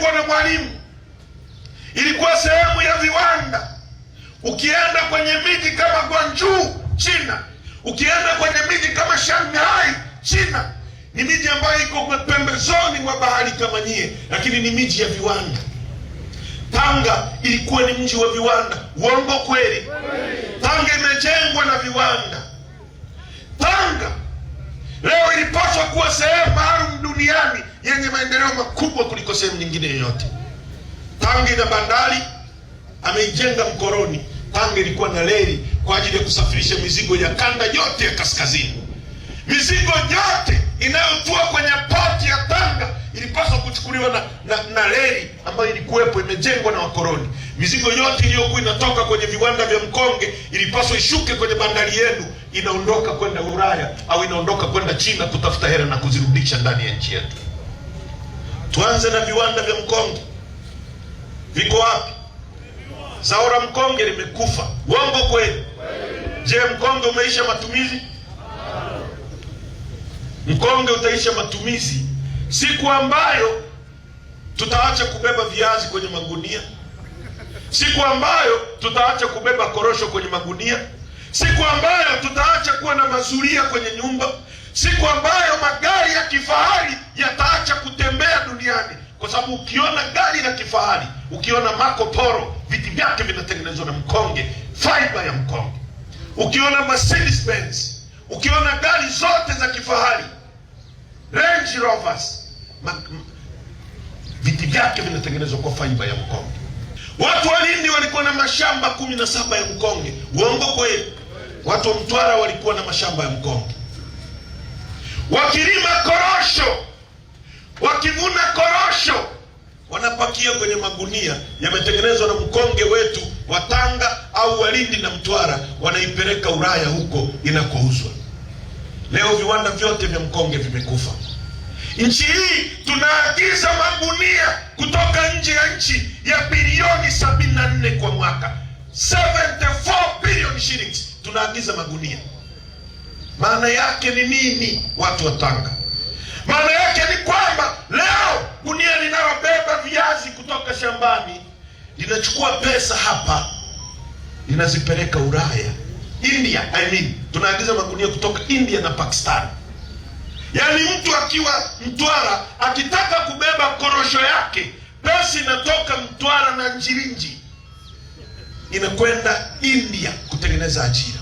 ilijengwa na Mwalimu, ilikuwa sehemu ya viwanda. Ukienda kwenye miji kama Guangzhou China, ukienda kwenye miji kama Shanghai China, ni miji ambayo iko pembezoni mwa bahari kama nyie, lakini ni miji ya viwanda. Tanga ilikuwa ni mji wa viwanda. Uongo kweli? Tanga imejengwa na viwanda. Tanga leo ilipaswa kuwa sehemu maalum duniani yenye maendeleo makubwa kuliko sehemu nyingine yoyote. Tanga ina bandari, ameijenga mkoroni. Tanga ilikuwa na reli kwa ajili ya kusafirisha mizigo ya kanda yote ya kaskazini. Mizigo yote inayotua kwenye poti ya Tanga ilipaswa kuchukuliwa na, na, na reli ambayo ilikuwepo imejengwa na wakoroni. Mizigo yote iliyokuwa inatoka kwenye viwanda vya mkonge ilipaswa ishuke kwenye bandari yenu inaondoka kwenda Ulaya au inaondoka kwenda China kutafuta hela na kuzirudisha ndani ya nchi yetu. Tuanze na viwanda vya mkonge. Viko wapi? Zao la mkonge limekufa. Uongo kweli? Je, mkonge umeisha matumizi? Mkonge utaisha matumizi siku ambayo tutaacha kubeba viazi kwenye magunia, siku ambayo tutaacha kubeba korosho kwenye magunia, siku ambayo tutaacha kuwa na mazuria kwenye nyumba, siku ambayo magari ya kifahari yataacha kutembea duniani, kwa sababu ukiona gari la kifahari, ukiona Marco Polo, viti vyake vinatengenezwa na mkonge, fiber ya mkonge. Ukiona Mercedes Benz, ukiona gari zote za kifahari, Range Rovers, viti vyake vinatengenezwa kwa fiber ya mkonge. Watu wa Lindi walikuwa na mashamba kumi na saba ya mkonge. Uongo kweli? Watu wa Mtwara walikuwa na mashamba ya mkonge, wakilima korosho, wakivuna korosho, wanapakia kwenye magunia yametengenezwa na mkonge wetu wa Tanga au Walindi na Mtwara, wanaipeleka Ulaya huko inakouzwa. Leo viwanda vyote vya mkonge vimekufa. Nchi hii tunaagiza magunia kutoka nje ya nchi ya bilioni 74 kwa mwaka shiriki, tunaagiza magunia. Maana yake ni nini, watu wa Tanga? Maana yake ni kwamba leo gunia linalobeba viazi kutoka shambani linachukua pesa hapa, linazipeleka Ulaya, India. I mean, tunaagiza magunia kutoka India na Pakistan. Yaani mtu akiwa Mtwara akitaka kubeba korosho yake, pesa inatoka Mtwara na Njirinji imekwenda India kutengeneza ajira.